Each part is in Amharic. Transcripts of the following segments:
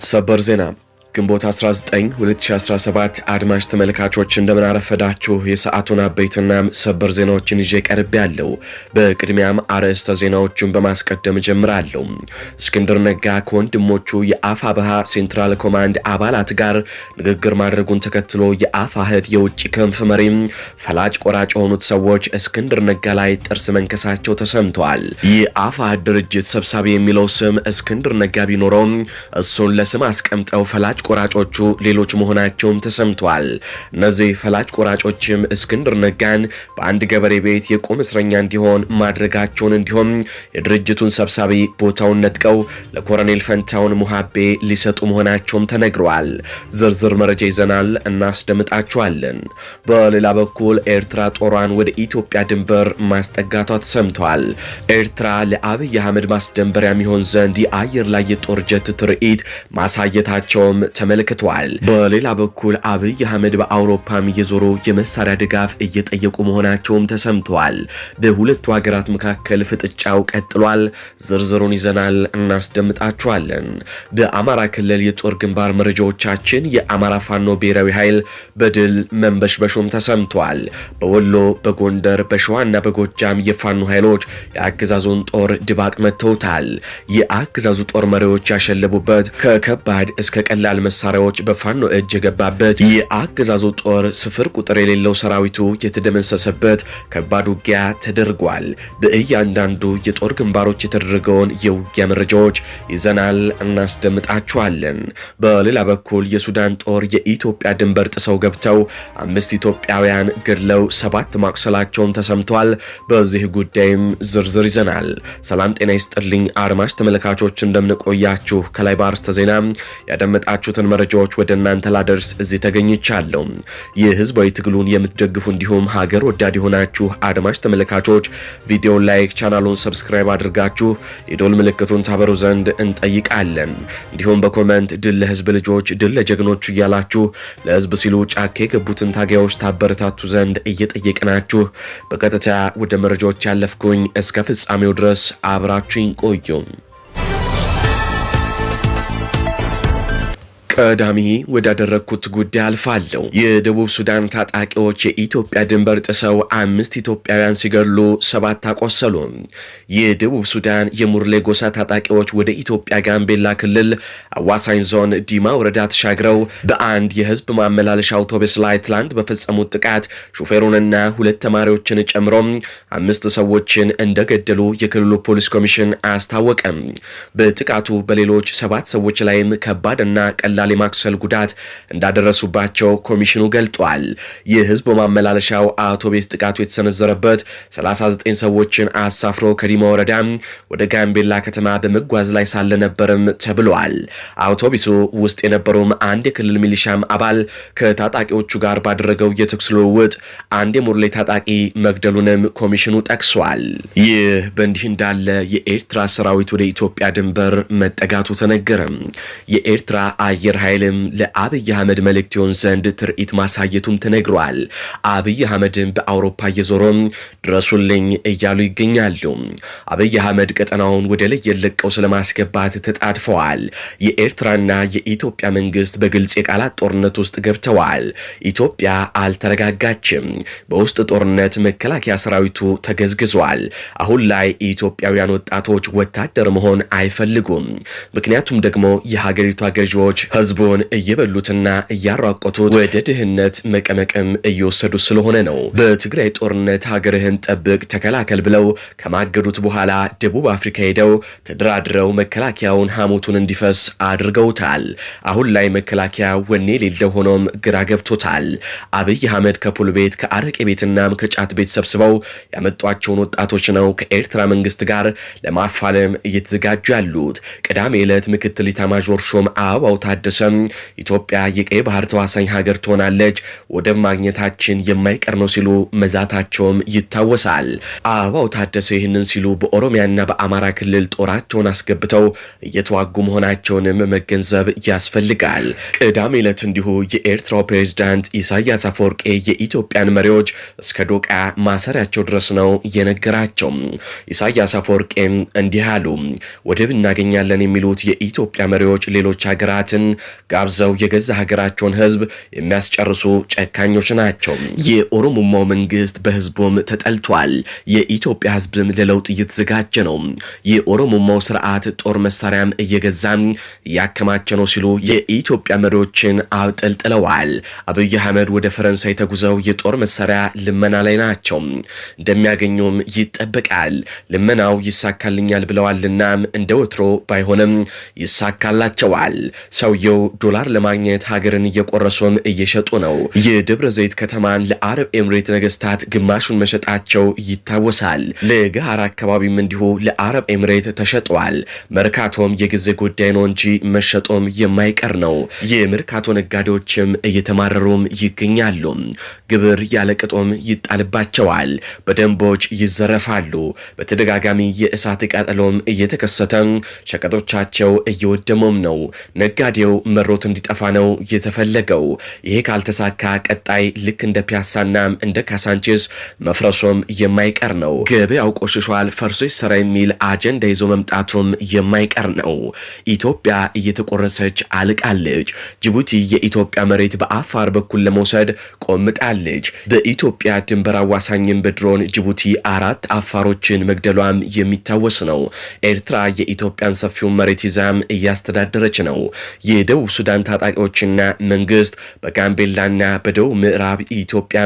सबर ज़ेना ግንቦት 19 2017 አድማጭ ተመልካቾች እንደምን አረፈዳችሁ። የሰዓቱን አበይትና ሰበር ዜናዎችን ይዤ ቀርብ ያለው። በቅድሚያም አርዕስተ ዜናዎቹን በማስቀደም ጀምራለሁ። እስክንድር ነጋ ከወንድሞቹ የአፋ ባሃ ሴንትራል ኮማንድ አባላት ጋር ንግግር ማድረጉን ተከትሎ የአፋህድ የውጭ ክንፍ መሪም ፈላጭ ቆራጭ የሆኑት ሰዎች እስክንድር ነጋ ላይ ጥርስ መንከሳቸው ተሰምተዋል። ይህ ህድ ድርጅት ሰብሳቢ የሚለው ስም እስክንድር ነጋ ቢኖረውም እሱን ለስም አስቀምጠው ፈላጭ ቆራጮቹ ሌሎች መሆናቸውም ተሰምቷል። እነዚህ ፈላጭ ቆራጮችም እስክንድር ነጋን በአንድ ገበሬ ቤት የቁም እስረኛ እንዲሆን ማድረጋቸውን እንዲሁም የድርጅቱን ሰብሳቢ ቦታውን ነጥቀው ለኮሎኔል ፈንታውን ሙሃቤ ሊሰጡ መሆናቸውም ተነግረዋል። ዝርዝር መረጃ ይዘናል፣ እናስደምጣችኋለን። በሌላ በኩል ኤርትራ ጦሯን ወደ ኢትዮጵያ ድንበር ማስጠጋቷ ተሰምቷል። ኤርትራ ለአብይ አህመድ ማስደንበሪያ የሚሆን ዘንድ የአየር ላይ የጦር ጀት ትርኢት ማሳየታቸውም ተመልክቷል። በሌላ በኩል አብይ አህመድ በአውሮፓም እየዞሩ የመሳሪያ ድጋፍ እየጠየቁ መሆናቸውም ተሰምተዋል። በሁለቱ ሀገራት መካከል ፍጥጫው ቀጥሏል። ዝርዝሩን ይዘናል እናስደምጣችኋለን። በአማራ ክልል የጦር ግንባር መረጃዎቻችን የአማራ ፋኖ ብሔራዊ ኃይል በድል መንበሽበሹም ተሰምቷል። በወሎ፣ በጎንደር፣ በሸዋና በጎጃም የፋኖ ኃይሎች የአገዛዙን ጦር ድባቅ መጥተውታል። የአገዛዙ ጦር መሪዎች ያሸለቡበት ከከባድ እስከ ቀላል የአውሮፕላን መሳሪያዎች በፋኖ እጅ የገባበት የአገዛዙ ጦር ስፍር ቁጥር የሌለው ሰራዊቱ የተደመሰሰበት ከባድ ውጊያ ተደርጓል። በእያንዳንዱ የጦር ግንባሮች የተደረገውን የውጊያ መረጃዎች ይዘናል፣ እናስደምጣችኋለን። በሌላ በኩል የሱዳን ጦር የኢትዮጵያ ድንበር ጥሰው ገብተው አምስት ኢትዮጵያውያን ገድለው ሰባት ማቁሰላቸውን ተሰምቷል። በዚህ ጉዳይም ዝርዝር ይዘናል። ሰላም ጤና ይስጥልኝ አድማጭ ተመልካቾች እንደምንቆያችሁ ከላይ በአርስተ ዜና ያደመጣችሁ ያላችሁትን መረጃዎች ወደ እናንተ ላደርስ እዚህ ተገኝቻለሁ። ይህ ህዝባዊ ትግሉን የምትደግፉ እንዲሁም ሀገር ወዳድ የሆናችሁ አድማጭ ተመልካቾች ቪዲዮን ላይክ፣ ቻናሉን ሰብስክራይብ አድርጋችሁ የዶል ምልክቱን ታበሩ ዘንድ እንጠይቃለን። እንዲሁም በኮመንት ድል ለህዝብ ልጆች ድል ለጀግኖቹ እያላችሁ ለህዝብ ሲሉ ጫካ የገቡትን ታጋዮች ታበረታቱ ዘንድ እየጠየቅናችሁ በቀጥታ ወደ መረጃዎች ያለፍኩኝ፣ እስከ ፍጻሜው ድረስ አብራችሁኝ ቆዩም። ቀዳሚ ወዳደረግኩት ጉዳይ አልፋለሁ። የደቡብ ሱዳን ታጣቂዎች የኢትዮጵያ ድንበር ጥሰው አምስት ኢትዮጵያውያን ሲገድሉ ሰባት አቆሰሉ። የደቡብ ሱዳን የሙርሌ ጎሳ ታጣቂዎች ወደ ኢትዮጵያ ጋምቤላ ክልል አዋሳኝ ዞን ዲማ ወረዳ ተሻግረው በአንድ የህዝብ ማመላለሻ አውቶቡስ ላይ ትላንት በፈጸሙት ጥቃት ሹፌሩንና ሁለት ተማሪዎችን ጨምሮ አምስት ሰዎችን እንደገደሉ የክልሉ ፖሊስ ኮሚሽን አስታወቀም። በጥቃቱ በሌሎች ሰባት ሰዎች ላይም ከባድ እና ቀላል ሆስፒታል የማክሰል ጉዳት እንዳደረሱባቸው ኮሚሽኑ ገልጧል። ይህ ህዝብ በማመላለሻው አውቶቡስ ጥቃቱ የተሰነዘረበት 39 ሰዎችን አሳፍሮ ከዲማ ወረዳ ወደ ጋምቤላ ከተማ በመጓዝ ላይ ሳለ ነበርም ተብሏል። አውቶቢሱ ውስጥ የነበሩም አንድ የክልል ሚሊሻም አባል ከታጣቂዎቹ ጋር ባደረገው የተኩስ ልውውጥ አንድ የሙርሌ ታጣቂ መግደሉንም ኮሚሽኑ ጠቅሷል። ይህ በእንዲህ እንዳለ የኤርትራ ሰራዊት ወደ ኢትዮጵያ ድንበር መጠጋቱ ተነገረም። የኤርትራ አየር ኃይልም ለአብይ አህመድ መልእክት ይሆን ዘንድ ትርኢት ማሳየቱም ተነግሯል። አብይ አህመድም በአውሮፓ እየዞረም ድረሱልኝ እያሉ ይገኛሉ። አብይ አህመድ ቀጠናውን ወደ ለየት ለቀው ስለማስገባት ተጣድፈዋል። የኤርትራና የኢትዮጵያ መንግስት በግልጽ የቃላት ጦርነት ውስጥ ገብተዋል። ኢትዮጵያ አልተረጋጋችም። በውስጥ ጦርነት መከላከያ ሰራዊቱ ተገዝግዟል። አሁን ላይ ኢትዮጵያውያን ወጣቶች ወታደር መሆን አይፈልጉም። ምክንያቱም ደግሞ የሀገሪቷ ገዢዎች ህዝቡን እየበሉትና እያራቆቱት ወደ ድህነት መቀመቀም እየወሰዱ ስለሆነ ነው። በትግራይ ጦርነት ሀገርህን ጠብቅ፣ ተከላከል ብለው ከማገዱት በኋላ ደቡብ አፍሪካ ሄደው ተደራድረው መከላከያውን ሐሞቱን እንዲፈስ አድርገውታል። አሁን ላይ መከላከያ ወኔ የሌለው ሆኖም ግራ ገብቶታል። አብይ አህመድ ከፑል ቤት ከአረቄ ቤትና ከጫት ቤት ሰብስበው ያመጧቸውን ወጣቶች ነው ከኤርትራ መንግስት ጋር ለማፋለም እየተዘጋጁ ያሉት። ቅዳሜ ዕለት ምክትል ኢታማዦር ሹም አበባው ታደሰ አስታደሰም ኢትዮጵያ የቀይ ባህር ተዋሳኝ ሀገር ትሆናለች፣ ወደብ ማግኘታችን የማይቀር ነው ሲሉ መዛታቸውም ይታወሳል። አበባው ታደሰ ይህንን ሲሉ በኦሮሚያና በአማራ ክልል ጦራቸውን አስገብተው እየተዋጉ መሆናቸውንም መገንዘብ ያስፈልጋል። ቅዳሜ ዕለት እንዲሁ የኤርትራው ፕሬዝዳንት ኢሳያስ አፈወርቄ የኢትዮጵያን መሪዎች እስከ ዶቃ ማሰሪያቸው ድረስ ነው የነገራቸው። ኢሳያስ አፈወርቄም እንዲህ አሉ። ወደብ እናገኛለን የሚሉት የኢትዮጵያ መሪዎች ሌሎች ሀገራትን ጋብዘው የገዛ ሀገራቸውን ህዝብ የሚያስጨርሱ ጨካኞች ናቸው። የኦሮሞማው መንግስት በህዝቡም ተጠልቷል። የኢትዮጵያ ህዝብም ለለውጥ እየተዘጋጀ ነው። የኦሮሞማው ስርዓት ጦር መሳሪያም እየገዛም እያከማቸ ነው ሲሉ የኢትዮጵያ መሪዎችን አብጠልጥለዋል። አብይ አህመድ ወደ ፈረንሳይ ተጉዘው የጦር መሳሪያ ልመና ላይ ናቸው። እንደሚያገኙም ይጠበቃል። ልመናው ይሳካልኛል ብለዋልና እንደ ወትሮ ባይሆንም ይሳካላቸዋል ሰውየ በየጊዜው ዶላር ለማግኘት ሀገርን እየቆረሱም እየሸጡ ነው። የደብረ ዘይት ከተማን ለአረብ ኤምሬት ነገስታት ግማሹን መሸጣቸው ይታወሳል። ለገሃር አካባቢም እንዲሁ ለአረብ ኤምሬት ተሸጧል። መርካቶም የጊዜ ጉዳይ ነው እንጂ መሸጦም የማይቀር ነው። የመርካቶ ነጋዴዎችም እየተማረሩም ይገኛሉ። ግብር ያለቅጦም ይጣልባቸዋል። በደንቦች ይዘረፋሉ። በተደጋጋሚ የእሳት ቃጠሎም እየተከሰተ ሸቀጦቻቸው እየወደመም ነው። ነጋዴው መሮት እንዲጠፋ ነው የተፈለገው። ይሄ ካልተሳካ ቀጣይ ልክ እንደ ፒያሳና እንደ ካሳንቺስ መፍረሱም የማይቀር ነው። ገበያው ቆሽሿል፣ ፈርሶ ይሰራ የሚል አጀንዳ ይዞ መምጣቱም የማይቀር ነው። ኢትዮጵያ እየተቆረሰች አልቃለች። ጅቡቲ የኢትዮጵያ መሬት በአፋር በኩል ለመውሰድ ቆምጣለች። በኢትዮጵያ ድንበር አዋሳኝም በድሮን ጅቡቲ አራት አፋሮችን መግደሏም የሚታወስ ነው። ኤርትራ የኢትዮጵያን ሰፊውን መሬት ይዛም እያስተዳደረች ነው። የደቡብ ሱዳን ታጣቂዎችና መንግስት በጋምቤላና በደቡብ ምዕራብ ኢትዮጵያ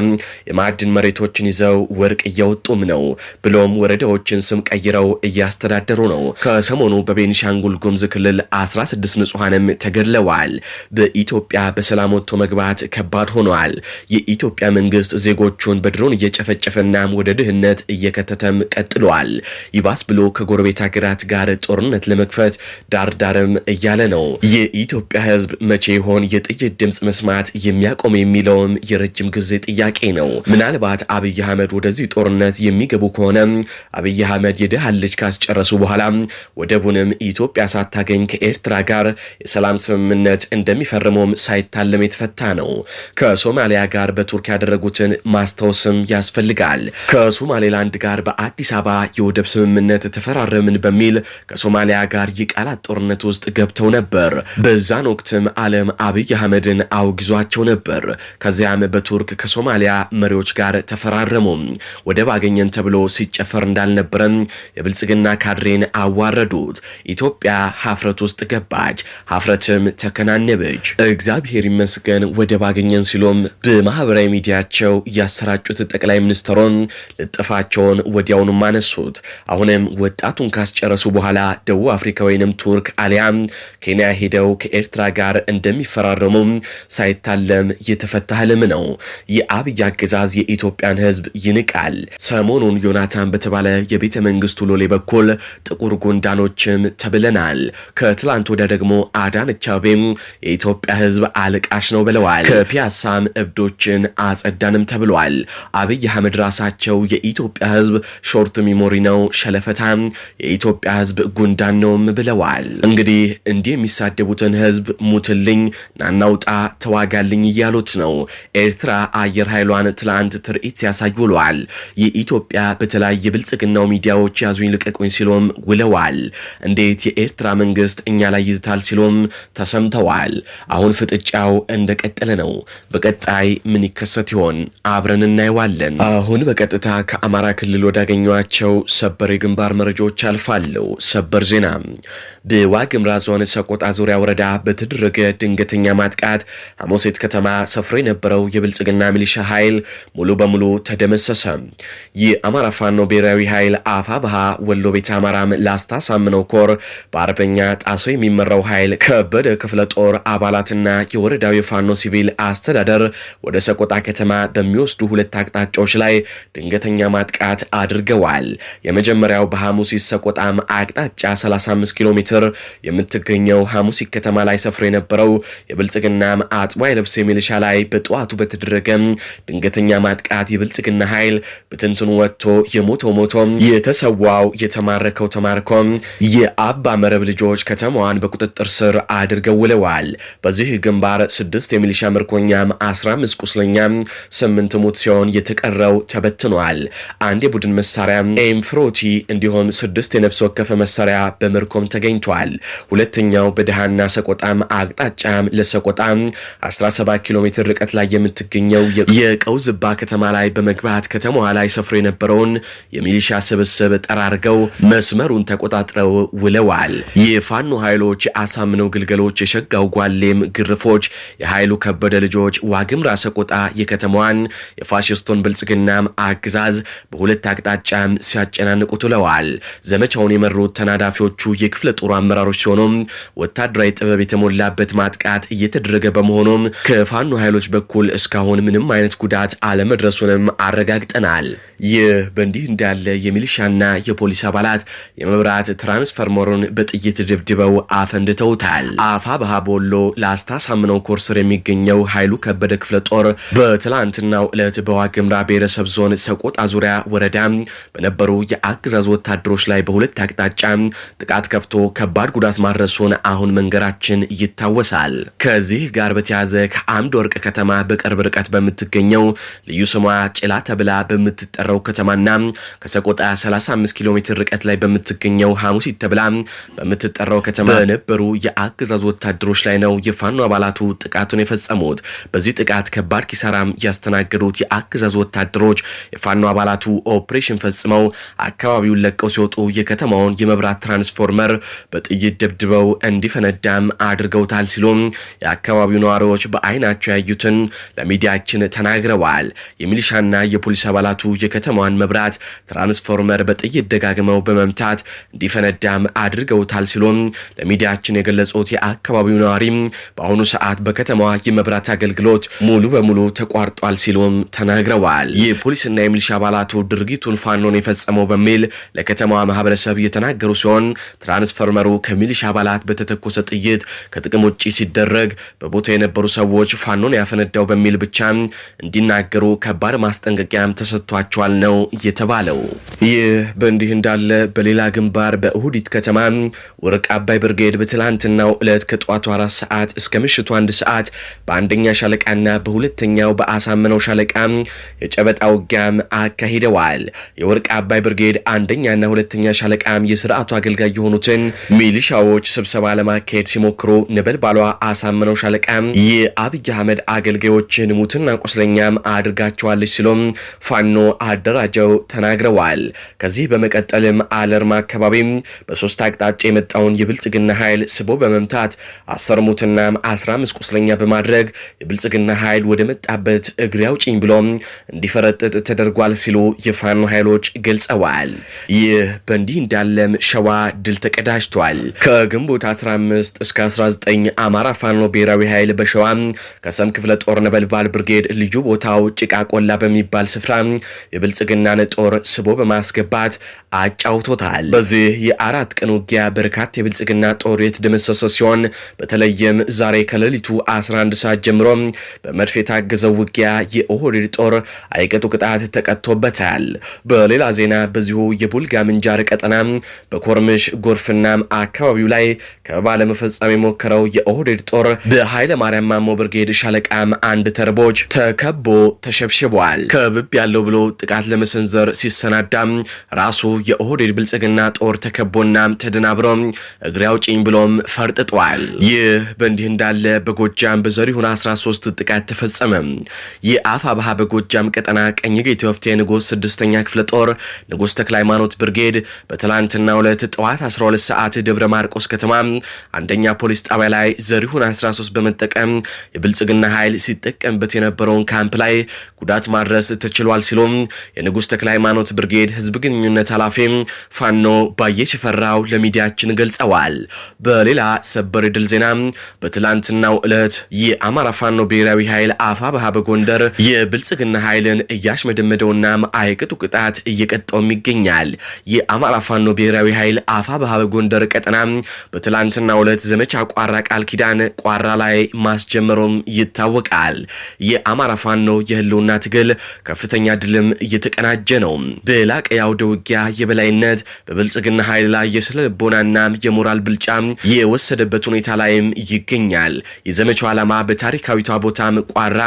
የማዕድን መሬቶችን ይዘው ወርቅ እያወጡም ነው። ብሎም ወረዳዎችን ስም ቀይረው እያስተዳደሩ ነው። ከሰሞኑ በቤኒሻንጉል ጉምዝ ክልል 16 ንጹሐንም ተገድለዋል። በኢትዮጵያ በሰላም ወጥቶ መግባት ከባድ ሆኗል። የኢትዮጵያ መንግስት ዜጎቹን በድሮን እየጨፈጨፈና ወደ ድህነት እየከተተም ቀጥሏል። ይባስ ብሎ ከጎረቤት ሀገራት ጋር ጦርነት ለመክፈት ዳርዳርም እያለ ነው። የኢትዮጵያ የኢትዮጵያ ህዝብ መቼ ይሆን የጥይት ድምፅ መስማት የሚያቆም የሚለውም የረጅም ጊዜ ጥያቄ ነው። ምናልባት አብይ አህመድ ወደዚህ ጦርነት የሚገቡ ከሆነ አብይ አህመድ የድሃ ልጅ ካስጨረሱ በኋላ ወደቡንም ኢትዮጵያ ሳታገኝ ከኤርትራ ጋር የሰላም ስምምነት እንደሚፈርመውም ሳይታለም የተፈታ ነው። ከሶማሊያ ጋር በቱርክ ያደረጉትን ማስታወስም ያስፈልጋል። ከሶማሌላንድ ጋር በአዲስ አበባ የወደብ ስምምነት ተፈራረምን በሚል ከሶማሊያ ጋር የቃላት ጦርነት ውስጥ ገብተው ነበር። በዛ በዚያን ወቅትም ዓለም አብይ አህመድን አውግዟቸው ነበር። ከዚያም በቱርክ ከሶማሊያ መሪዎች ጋር ተፈራረሙ። ወደብ አገኘን ተብሎ ሲጨፈር እንዳልነበረም የብልጽግና ካድሬን አዋረዱት። ኢትዮጵያ ሀፍረት ውስጥ ገባች፣ ሀፍረትም ተከናነበች። እግዚአብሔር ይመስገን ወደብ አገኘን ሲሎም በማህበራዊ ሚዲያቸው ያሰራጩት ጠቅላይ ሚኒስትሩን ልጥፋቸውን ወዲያውኑም አነሱት። አሁንም ወጣቱን ካስጨረሱ በኋላ ደቡብ አፍሪካ ወይንም ቱርክ አሊያም ኬንያ ሄደው ከኤርትራ ጋር እንደሚፈራረሙ ሳይታለም የተፈታ ህልም ነው። የአብይ አገዛዝ የኢትዮጵያን ህዝብ ይንቃል። ሰሞኑን ዮናታን በተባለ የቤተ መንግስቱ ሎሌ በኩል ጥቁር ጉንዳኖችም ተብለናል። ከትላንት ወዲያ ደግሞ አዳነች አቤቤም የኢትዮጵያ ህዝብ አልቃሽ ነው ብለዋል። ከፒያሳም እብዶችን አጸዳንም ተብሏል። አብይ አህመድ ራሳቸው የኢትዮጵያ ህዝብ ሾርት ሚሞሪ ነው፣ ሸለፈታም የኢትዮጵያ ህዝብ ጉንዳን ነውም ብለዋል። እንግዲህ እንዲህ የሚሳደቡትን ህዝብ ህዝብ ሙትልኝ፣ ናናውጣ፣ ተዋጋልኝ እያሉት ነው። ኤርትራ አየር ኃይሏን ትላንት ትርኢት ሲያሳዩ ውለዋል። የኢትዮጵያ በተለያየ ብልጽግናው ሚዲያዎች ያዙኝ ልቀቁኝ ሲሎም ውለዋል። እንዴት የኤርትራ መንግስት እኛ ላይ ይዝታል ሲሎም ተሰምተዋል። አሁን ፍጥጫው እንደቀጠለ ነው። በቀጣይ ምን ይከሰት ይሆን? አብረን እናየዋለን። አሁን በቀጥታ ከአማራ ክልል ወዳገኟቸው ሰበር የግንባር መረጃዎች አልፋለሁ። ሰበር ዜና በዋግምራ ዞን ሰቆጣ ዙሪያ ወረዳ በተደረገ ድንገተኛ ማጥቃት ሐሙሴት ከተማ ሰፍሮ የነበረው የብልጽግና ሚሊሻ ኃይል ሙሉ በሙሉ ተደመሰሰ። ይህ አማራ ፋኖ ብሔራዊ ኃይል አፋ ባሃ ወሎ ቤተ አማራም ላስታ ሳምነው ኮር በአርበኛ ጣሶ የሚመራው ኃይል ከበደ ክፍለ ጦር አባላትና የወረዳዊ ፋኖ ሲቪል አስተዳደር ወደ ሰቆጣ ከተማ በሚወስዱ ሁለት አቅጣጫዎች ላይ ድንገተኛ ማጥቃት አድርገዋል። የመጀመሪያው በሐሙሲት ሰቆጣም አቅጣጫ 35 ኪሎ ሜትር የምትገኘው ሐሙሲት ከተማ ላይ ላይ ሰፍሮ የነበረው የብልጽግና አጽዋ ዋይለብስ የሚልሻ ላይ በጠዋቱ በተደረገ ድንገተኛ ማጥቃት የብልጽግና ኃይል ብትንትኑ ወጥቶ የሞተው ሞቶ የተሰዋው የተማረከው ተማርኮ የአባ መረብ ልጆች ከተማዋን በቁጥጥር ስር አድርገው ውለዋል። በዚህ ግንባር ስድስት የሚሊሻ ምርኮኛም 15 ቁስለኛም ስምንት ሙት ሲሆን የተቀረው ተበትኗል። አንድ የቡድን መሳሪያ ኤምፍሮቲ እንዲሁም ስድስት የነፍስ ወከፈ መሳሪያ በምርኮም ተገኝቷል። ሁለተኛው በደሃና ሰቆጣ አላጣም አቅጣጫም ለሰቆጣ 17 ኪሎ ሜትር ርቀት ላይ የምትገኘው የቀውዝባ ከተማ ላይ በመግባት ከተማዋ ላይ ሰፍሮ የነበረውን የሚሊሻ ስብስብ ጠራርገው መስመሩን ተቆጣጥረው ውለዋል። የፋኖ ኃይሎች አሳምነው ግልገሎች፣ የሸጋው ጓሌም ግርፎች፣ የኃይሉ ከበደ ልጆች ዋግምራ ሰቆጣ የከተማዋን የፋሽስቱን ብልጽግናም አገዛዝ በሁለት አቅጣጫም ሲያጨናንቁት ውለዋል። ዘመቻውን የመሩት ተናዳፊዎቹ የክፍለ ጦሩ አመራሮች ሲሆኑም ወታደራዊ ጥበብ የተሞላበት ማጥቃት እየተደረገ በመሆኑም ከፋኖ ኃይሎች በኩል እስካሁን ምንም አይነት ጉዳት አለመድረሱንም አረጋግጠናል። ይህ በእንዲህ እንዳለ የሚሊሻና የፖሊስ አባላት የመብራት ትራንስፈርመሩን በጥይት ድብድበው አፈንድተውታል። አፋ ባሃ በወሎ ላስታ ሳምነው ኮር የሚገኘው ኃይሉ ከበደ ክፍለ ጦር በትላንትናው ዕለት በዋግምራ ብሔረሰብ ዞን ሰቆጣ ዙሪያ ወረዳ በነበሩ የአገዛዙ ወታደሮች ላይ በሁለት አቅጣጫ ጥቃት ከፍቶ ከባድ ጉዳት ማድረሱን አሁን መንገራችን ይታወሳል። ከዚህ ጋር በተያያዘ ከአምድ ወርቅ ከተማ በቅርብ ርቀት በምትገኘው ልዩ ስሟ ጭላ ተብላ በምትጠራው ከተማና ከሰቆጣ 35 ኪሎ ሜትር ርቀት ላይ በምትገኘው ሐሙሲት ተብላ በምትጠራው ከተማ በነበሩ የአገዛዙ ወታደሮች ላይ ነው የፋኖ አባላቱ ጥቃቱን የፈጸሙት። በዚህ ጥቃት ከባድ ኪሳራም ያስተናገዱት የአገዛዙ ወታደሮች የፋኖ አባላቱ ኦፕሬሽን ፈጽመው አካባቢውን ለቀው ሲወጡ የከተማውን የመብራት ትራንስፎርመር በጥይት ደብድበው እንዲፈነዳም አ አድርገውታል ሲሉም የአካባቢው ነዋሪዎች በአይናቸው ያዩትን ለሚዲያችን ተናግረዋል። የሚሊሻና የፖሊስ አባላቱ የከተማዋን መብራት ትራንስፎርመር በጥይት ደጋግመው በመምታት እንዲፈነዳም አድርገውታል ሲሉም ለሚዲያችን የገለጹት የአካባቢው ነዋሪም በአሁኑ ሰዓት በከተማዋ የመብራት አገልግሎት ሙሉ በሙሉ ተቋርጧል ሲሉም ተናግረዋል። የፖሊስና የሚሊሻ አባላቱ ድርጊቱን ፋኖን የፈጸመው በሚል ለከተማዋ ማህበረሰብ የተናገሩ ሲሆን ትራንስፎርመሩ ከሚሊሻ አባላት በተተኮሰ ጥይት ከጥቅም ውጪ ሲደረግ በቦታው የነበሩ ሰዎች ፋኖን ያፈነዳው በሚል ብቻ እንዲናገሩ ከባድ ማስጠንቀቂያም ተሰጥቷቸዋል ነው የተባለው። ይህ በእንዲህ እንዳለ በሌላ ግንባር በእሁዲት ከተማ ወርቅ አባይ ብርጌድ በትላንትናው ዕለት ከጠዋቱ አራት ሰዓት እስከ ምሽቱ አንድ ሰዓት በአንደኛ ሻለቃና በሁለተኛው በአሳምነው ሻለቃ የጨበጣ ውጊያም አካሂደዋል። የወርቅ አባይ ብርጌድ አንደኛና ሁለተኛ ሻለቃም የስርዓቱ አገልጋይ የሆኑትን ሚሊሻዎች ስብሰባ ለማካሄድ ሲሞክሩ ተሞክሮ ነበልባሏ አሳምነው ሻለቃ የአብይ አህመድ አገልጋዮችን ሙትና ቁስለኛም አድርጋቸዋለች ሲሎም ፋኖ አደራጀው ተናግረዋል። ከዚህ በመቀጠልም አለርማ አካባቢም በሶስት አቅጣጫ የመጣውን የብልጽግና ኃይል ስቦ በመምታት አስር ሙትና 15 ቁስለኛ በማድረግ የብልጽግና ኃይል ወደ መጣበት እግር ያውጭኝ ብሎም እንዲፈረጥጥ ተደርጓል ሲሉ የፋኖ ኃይሎች ገልጸዋል። ይህ በእንዲህ እንዳለም ሸዋ ድል ተቀዳጅቷል። ከግንቦት 15 እስከ 2019 አማራ ፋኖ ብሔራዊ ኃይል በሸዋ ከሰም ክፍለ ጦር ነበልባል ብርጌድ ልዩ ቦታው ጭቃ ቆላ በሚባል ስፍራ የብልጽግናን ጦር ስቦ በማስገባት አጫውቶታል። በዚህ የአራት ቀን ውጊያ በርካታ የብልጽግና ጦር የተደመሰሰ ሲሆን በተለይም ዛሬ ከሌሊቱ 11 ሰዓት ጀምሮ በመድፍ የታገዘው ውጊያ የኦህዴድ ጦር አይቀጡ ቅጣት ተቀጥቶበታል። በሌላ ዜና በዚሁ የቡልጋ ምንጃር ቀጠና በኮርምሽ ጎርፍና አካባቢው ላይ ከበባ የሚሞክረው የኦህዴድ ጦር በኃይለ ማርያም ማሞ ብርጌድ ሻለቃም አንድ ተርቦች ተከቦ ተሸብሽቧል። ከብብ ያለው ብሎ ጥቃት ለመሰንዘር ሲሰናዳም ራሱ የኦህዴድ ብልጽግና ጦር ተከቦና ተደናብሮ እግሬ አውጪኝ ብሎም ፈርጥጧል። ይህ በእንዲህ እንዳለ በጎጃም በዘሪሁን 13 ጥቃት ተፈጸመ። የአፋ ባሃ በጎጃም ቀጠና ቀኝ ጌቴዎፍቴ ንጉስ ስድስተኛ ክፍለ ጦር ንጉስ ተክለ ሃይማኖት ብርጌድ በትላንትና ሁለት ጠዋት 12 ሰዓት ደብረ ማርቆስ ከተማ አንደኛ ፖሊስ ፖሊስ ጣቢያ ላይ ዘሪሁን 13 በመጠቀም የብልጽግና ኃይል ሲጠቀምበት የነበረውን ካምፕ ላይ ጉዳት ማድረስ ተችሏል ሲሉም የንጉሥ ተክለ ሃይማኖት ብርጌድ ህዝብ ግንኙነት ኃላፊ ፋኖ ባየ ሽፈራው ለሚዲያችን ገልጸዋል። በሌላ ሰበር ድል ዜና በትላንትናው ዕለት የአማራ ፋኖ ብሔራዊ ኃይል አፋ በሃ በጎንደር የብልጽግና ኃይልን እያሽመደመደውና አይቅጡ ቅጣት እየቀጣውም ይገኛል። የአማራ ፋኖ ብሔራዊ ኃይል አፋ በሃ በጎንደር ቀጠና በትላንትናው ዕለት ዘመቻ ቋራ ቃል ኪዳን ቋራ ላይ ማስጀመሩም ይታወቃል። የአማራ ፋኖ የህልውና ትግል ከፍተኛ ድልም እየተቀናጀ ነው። በላቀ የአውደ ውጊያ የበላይነት በብልጽግና ኃይል ላይ የስነ ልቦናና የሞራል ብልጫ የወሰደበት ሁኔታ ላይም ይገኛል። የዘመቻው ዓላማ በታሪካዊቷ ቦታም ቋራ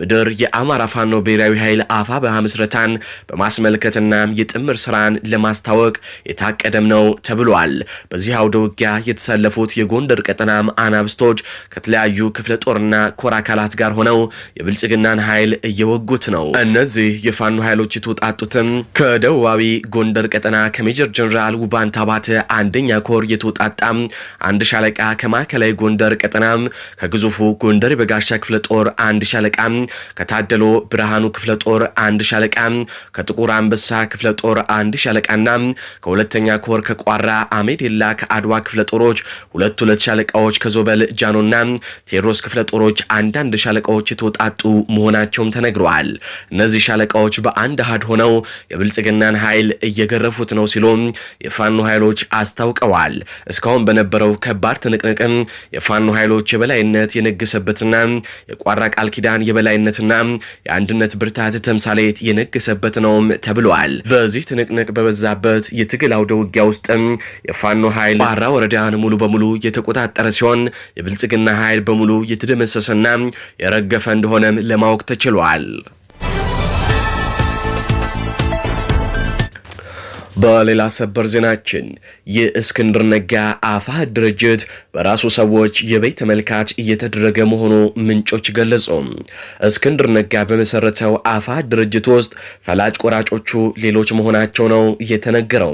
ምድር የአማራ ፋኖ ብሔራዊ ኃይል አፋ በምስረታን በማስመልከትና የጥምር ስራን ለማስታወቅ የታቀደም ነው ተብሏል። በዚህ አውደ ውጊያ የተሰለፉት የጎንደር ቀጠናም አናብስቶች ከተለያዩ ክፍለ ጦርና ኮር አካላት ጋር ሆነው የብልጽግናን ኃይል እየወጉት ነው። እነዚህ የፋኖ ኃይሎች የተውጣጡትም ከደቡባዊ ጎንደር ቀጠና ከሜጀር ጀኔራል ውባንታ ባተ አንደኛ ኮር የተውጣጣም አንድ ሻለቃ ከማዕከላዊ ጎንደር ቀጠና ከግዙፉ ጎንደር የበጋሻ ክፍለ ጦር አንድ ሻለቃ ከታደሎ ብርሃኑ ክፍለ ጦር አንድ ሻለቃ ከጥቁር አንበሳ ክፍለ ጦር አንድ ሻለቃና ከሁለተኛ ኮር ከቋራ አሜዴላ ከአድዋ ክፍለ ጦሮች ሁለት ሁለት ሻለቃ ሻለቃዎች ከዞበል ጃኖና ቴዎድሮስ ክፍለ ጦሮች አንዳንድ ሻለቃዎች የተውጣጡ መሆናቸውም ተነግረዋል። እነዚህ ሻለቃዎች በአንድ አሃድ ሆነው የብልጽግናን ኃይል እየገረፉት ነው ሲሉም የፋኖ ኃይሎች አስታውቀዋል። እስካሁን በነበረው ከባድ ትንቅንቅም የፋኖ ኃይሎች የበላይነት የነገሰበትና የቋራ ቃል ኪዳን የበላይነትና የአንድነት ብርታት ተምሳሌት የነገሰበት ነውም ተብሏል። በዚህ ትንቅንቅ በበዛበት የትግል አውደ ውጊያ ውስጥም የፋኖ ኃይል ባራ ወረዳን ሙሉ በሙሉ የተቆጣ የተፈጠረ ሲሆን የብልጽግና ኃይል በሙሉ የተደመሰሰና የረገፈ እንደሆነም ለማወቅ ተችሏል። በሌላ ሰበር ዜናችን የእስክንድር ነጋ አፋ ድርጅት በራሱ ሰዎች የበይ ተመልካች እየተደረገ መሆኑ ምንጮች ገለጹ። እስክንድር ነጋ በመሰረተው አፋ ድርጅት ውስጥ ፈላጭ ቆራጮቹ ሌሎች መሆናቸው ነው የተነገረው።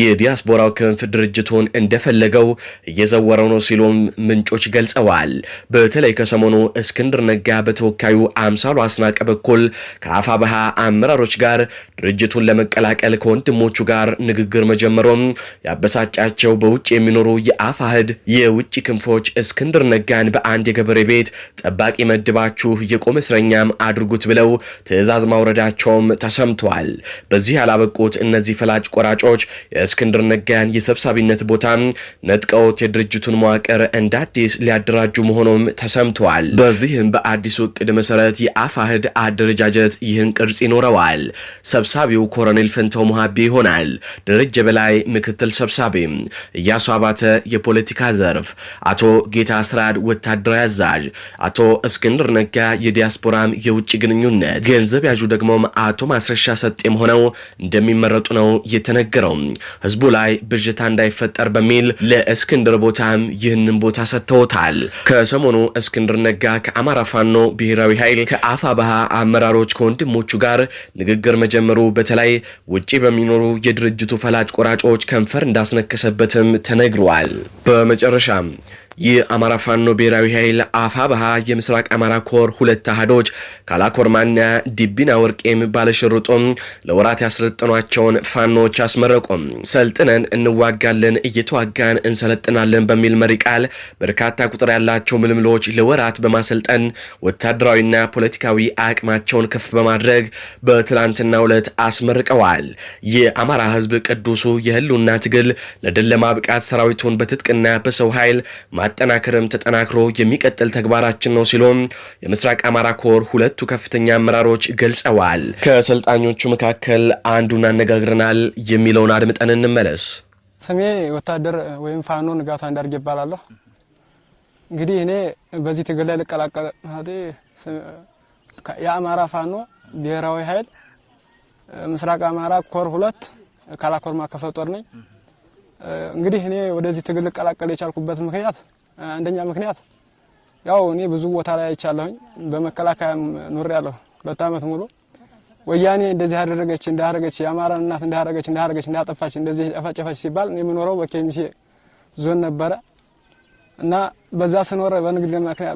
የዲያስፖራው ክንፍ ድርጅቱን እንደፈለገው እየዘወረው ነው ሲሉም ምንጮች ገልጸዋል። በተለይ ከሰሞኑ እስክንድር ነጋ በተወካዩ አምሳሉ አስናቀ በኩል ከአፋ ባሃ አመራሮች ጋር ድርጅቱን ለመቀላቀል ከወንድሞቹ ጋር ንግግር መጀመሩም ያበሳጫቸው በውጭ የሚኖሩ የአፋህድ የውጭ ክንፎች እስክንድር ነጋን በአንድ የገበሬ ቤት ጠባቂ መድባችሁ የቆመ እስረኛም አድርጉት ብለው ትዕዛዝ ማውረዳቸውም ተሰምቷል። በዚህ ያላበቁት እነዚህ ፈላጭ ቆራጮች የእስክንድር ነጋን የሰብሳቢነት ቦታም ነጥቀውት የድርጅቱን መዋቅር እንደ አዲስ ሊያደራጁ መሆኑም ተሰምቷል። በዚህም በአዲሱ እቅድ መሰረት የአፋህድ አደረጃጀት ይህን ቅርጽ ይኖረዋል። ሰብሳቢው ኮሎኔል ፈንተው መሀቤ ይሆናል። ደረጀ በላይ ምክትል ሰብሳቢ፣ እያሱ አባተ የፖለቲካ ዘር ዘርፍ አቶ ጌታ አስራድ ወታደራዊ አዛዥ፣ አቶ እስክንድር ነጋ የዲያስፖራም የውጭ ግንኙነት ገንዘብ ያዡ ደግሞም አቶ ማስረሻ ሰጤም ሆነው እንደሚመረጡ ነው የተነገረው። ህዝቡ ላይ ብዥታ እንዳይፈጠር በሚል ለእስክንድር ቦታም ይህንን ቦታ ሰጥተውታል። ከሰሞኑ እስክንድር ነጋ ከአማራ ፋኖ ብሔራዊ ኃይል ከአፋ ባሃ አመራሮች ከወንድሞቹ ጋር ንግግር መጀመሩ በተለይ ውጭ በሚኖሩ የድርጅቱ ፈላጭ ቆራጮች ከንፈር እንዳስነከሰበትም ተነግሯል። በመጨረሻ שם. የአማራ ፋኖ ብሔራዊ ኃይል አፋብሃ የምስራቅ አማራ ኮር ሁለት አህዶች ካላኮርማና ዲቢና ወርቄም ባለሽርጡም ለወራት ያሰለጠኗቸውን ፋኖች አስመረቁም። ሰልጥነን እንዋጋለን፣ እየተዋጋን እንሰለጥናለን በሚል መሪ ቃል በርካታ ቁጥር ያላቸው ምልምሎች ለወራት በማሰልጠን ወታደራዊና ፖለቲካዊ አቅማቸውን ከፍ በማድረግ በትላንትና ዕለት አስመርቀዋል። የአማራ ህዝብ ቅዱሱ የህልውና ትግል ለድል ለማብቃት ሰራዊቱን በትጥቅና በሰው ኃይል ማጠናከርም ተጠናክሮ የሚቀጥል ተግባራችን ነው ሲሉም የምስራቅ አማራ ኮር ሁለቱ ከፍተኛ አመራሮች ገልጸዋል። ከሰልጣኞቹ መካከል አንዱን አነጋግረናል የሚለውን አድምጠን እንመለስ። ስሜ ወታደር ወይም ፋኖ ንጋቱ አንዳርጌ ይባላለሁ። እንግዲህ እኔ በዚህ ትግል ላይ ልቀላቀል የአማራ ፋኖ ብሔራዊ ኃይል ምስራቅ አማራ ኮር ሁለት ካላኮርማ ክፍለ ጦር ነኝ። እንግዲህ እኔ ወደዚህ ትግል ልቀላቀል የቻልኩበት ምክንያት አንደኛ ምክንያት ያው እኔ ብዙ ቦታ ላይ አይቻለሁኝ። በመከላከያ ኑር ያለሁ ሁለት ዓመት ሙሉ ወያኔ እንደዚህ አደረገች እንዳደረገች የአማራን እናት እንዳደረገች እንዳደረገች እንዳጠፋች እንደዚህ ጨፈጨፈች ሲባል እኔ የምኖረው በኬሚሴ ዞን ነበረ እና በዛ ስኖረ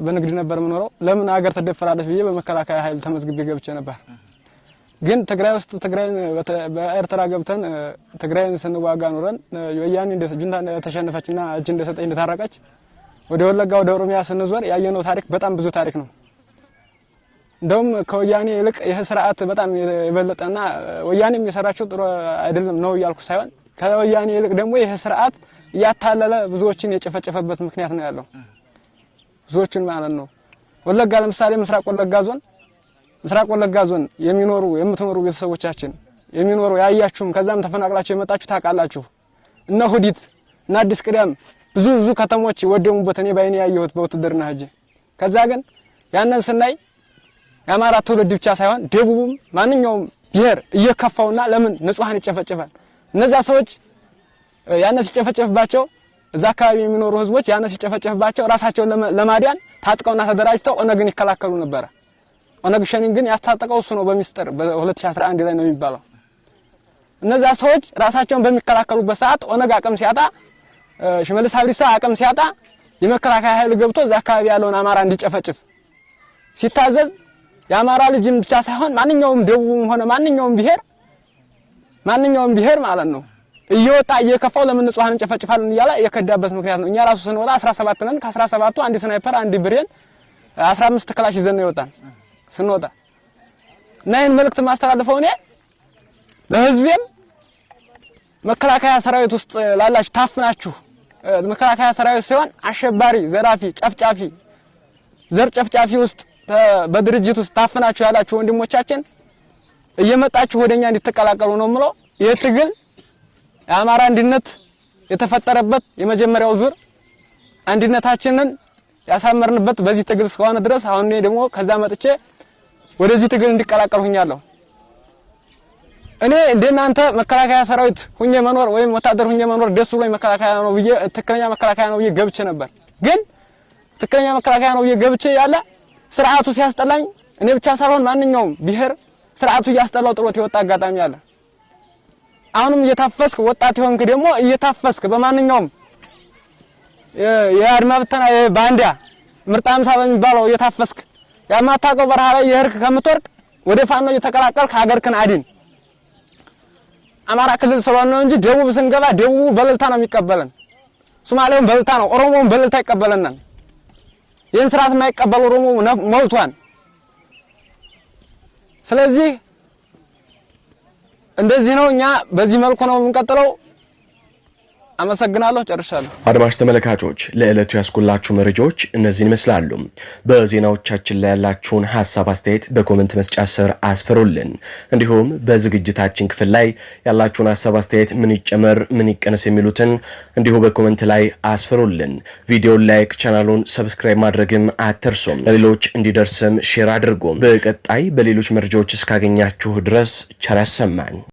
በንግድ ነበር የምኖረው። ለምን አገር ተደፈራለች ብዬ በመከላከያ ኃይል ተመዝግቤ ገብቼ ነበር። ግን ትግራይ ውስጥ ትግራይን በኤርትራ ገብተን ትግራይን ስንዋጋ ኑረን ወያኔ ጁንታ እንደተሸነፈችና እጅ እንደሰጠች እንደታረቀች ወደ ወለጋ ወደ ኦሮሚያ ስንዞር ያየነው ታሪክ በጣም ብዙ ታሪክ ነው። እንደውም ከወያኔ ይልቅ ይህ ስርዓት በጣም የበለጠና ወያኔ የሚሰራቸው ጥሩ አይደለም ነው እያልኩ ሳይሆን ከወያኔ ይልቅ ደግሞ ይህ ስርዓት እያታለለ ብዙዎችን የጨፈጨፈበት ምክንያት ነው ያለው። ብዙዎችን ማለት ነው። ወለጋ ለምሳሌ ምስራቅ ወለጋ ዞን ምስራቅ ወለጋ ዞን የሚኖሩ የምትኖሩ ቤተሰቦቻችን የሚኖሩ ያያችሁም ከዛም ተፈናቅላችሁ የመጣችሁ ታውቃላችሁ። እነ ሁዲት እነ አዲስ ቅዳም ብዙ ብዙ ከተሞች የወደሙበት እኔ ባይኔ ያየሁት በውትድርና ሂጄ። ከዛ ግን ያንን ስናይ የአማራ ትውልድ ብቻ ሳይሆን ደቡብም ማንኛውም ብሔር እየከፋውና ለምን ንጹሐን ይጨፈጨፋል? እነዛ ሰዎች ያነ ሲጨፈጨፍባቸው እዛ አካባቢ የሚኖሩ ህዝቦች ያነ ሲጨፈጨፍባቸው ራሳቸውን ለማዳን ታጥቀውና ተደራጅተው ኦነግን ይከላከሉ ነበረ። ኦነግ ሸኒን ግን ያስታጠቀው እሱ ነው በሚስጥር በ2011 ላይ ነው የሚባለው። እነዛ ሰዎች ራሳቸውን በሚከላከሉበት ሰዓት ኦነግ አቅም ሲያጣ ሽመልስ አብዲሳ አቅም ሲያጣ የመከላከያ ኃይል ገብቶ እዛ አካባቢ ያለውን አማራ እንዲጨፈጭፍ ሲታዘዝ የአማራ ልጅም ብቻ ሳይሆን ማንኛውም ደቡብም ሆነ ማንኛውም ብሔር ማንኛውም ብሔር ማለት ነው እየወጣ እየከፋው ለምን ንጹሃን እንጨፈጭፋለን እያለ የከዳበት ምክንያት ነው። እኛ ራሱ ስንወጣ 17 ነን። ከ17ቱ አንድ ስናይፐር፣ አንድ ብሬን፣ 15 ክላሽ ይዘን ነው ይወጣን ስንወጣ እና ይህን መልእክት ማስተላልፈው እኔ ለህዝቤም መከላከያ ሰራዊት ውስጥ ላላችሁ ታፍናችሁ መከላከያ ሰራዊት ሲሆን አሸባሪ፣ ዘራፊ፣ ጨፍጫፊ ዘር ጨፍጫፊ ውስጥ በድርጅት ውስጥ ታፍናችሁ ያላችሁ ወንድሞቻችን እየመጣችሁ ወደኛ እንድትቀላቀሉ ነው ምሎ ይህ ትግል የአማራ አንድነት የተፈጠረበት የመጀመሪያው ዙር አንድነታችንን ያሳመርንበት በዚህ ትግል እስከሆነ ድረስ አሁን ደግሞ ከዛ መጥቼ ወደዚህ ትግል እንዲቀላቀል ሁኛለሁ። እኔ እንደናንተ መከላከያ ሰራዊት ሁኜ መኖር ወይም ወታደር ሁኜ መኖር ደስ ብሎኝ መከላከያ ነው ብዬ ትክክለኛ መከላከያ ነው ብዬ ገብቼ ነበር። ግን ትክክለኛ መከላከያ ነው ብዬ ገብቼ ያለ ስርዓቱ ሲያስጠላኝ እኔ ብቻ ሳልሆን ማንኛውም ብሔር ስርዓቱ እያስጠላው ጥሎት የወጣ አጋጣሚ አለ። አሁንም እየታፈስክ ወጣት የሆንክ ደግሞ እየታፈስክ በማንኛውም የአድማ ብተና ባንዳ ምርጥ አምሳ በሚባለው እየታፈስክ ያማታውቀው በረሃ ላይ የህርክ ከምትወርቅ ወደ ፋኖ እየተቀላቀልክ ሀገርክን አድን። አማራ ክልል ስለሆነ ነው እንጂ ደቡብ ስንገባ ደቡቡ በልልታ ነው የሚቀበለን። ሶማሌውን በልልታ ነው፣ ኦሮሞውን በልልታ ይቀበለናል። ይህን ስርዓት የማይቀበል ኦሮሞ ሞልቷን። ስለዚህ እንደዚህ ነው። እኛ በዚህ መልኩ ነው የምንቀጥለው። አመሰግናለሁ። ጨርሻለሁ። አድማሽ ተመልካቾች ለዕለቱ ያስኩላችሁ መረጃዎች እነዚህን ይመስላሉ። በዜናዎቻችን ላይ ያላችሁን ሀሳብ አስተያየት በኮመንት መስጫ ስር አስፈሩልን። እንዲሁም በዝግጅታችን ክፍል ላይ ያላችሁን ሀሳብ አስተያየት፣ ምን ይጨመር፣ ምን ይቀነስ የሚሉትን እንዲሁ በኮመንት ላይ አስፈሩልን። ቪዲዮን ላይክ፣ ቻናሉን ሰብስክራይብ ማድረግም አትርሱም። ለሌሎች እንዲደርስም ሼር አድርጉም። በቀጣይ በሌሎች መረጃዎች እስካገኛችሁ ድረስ ቸር ያሰማን።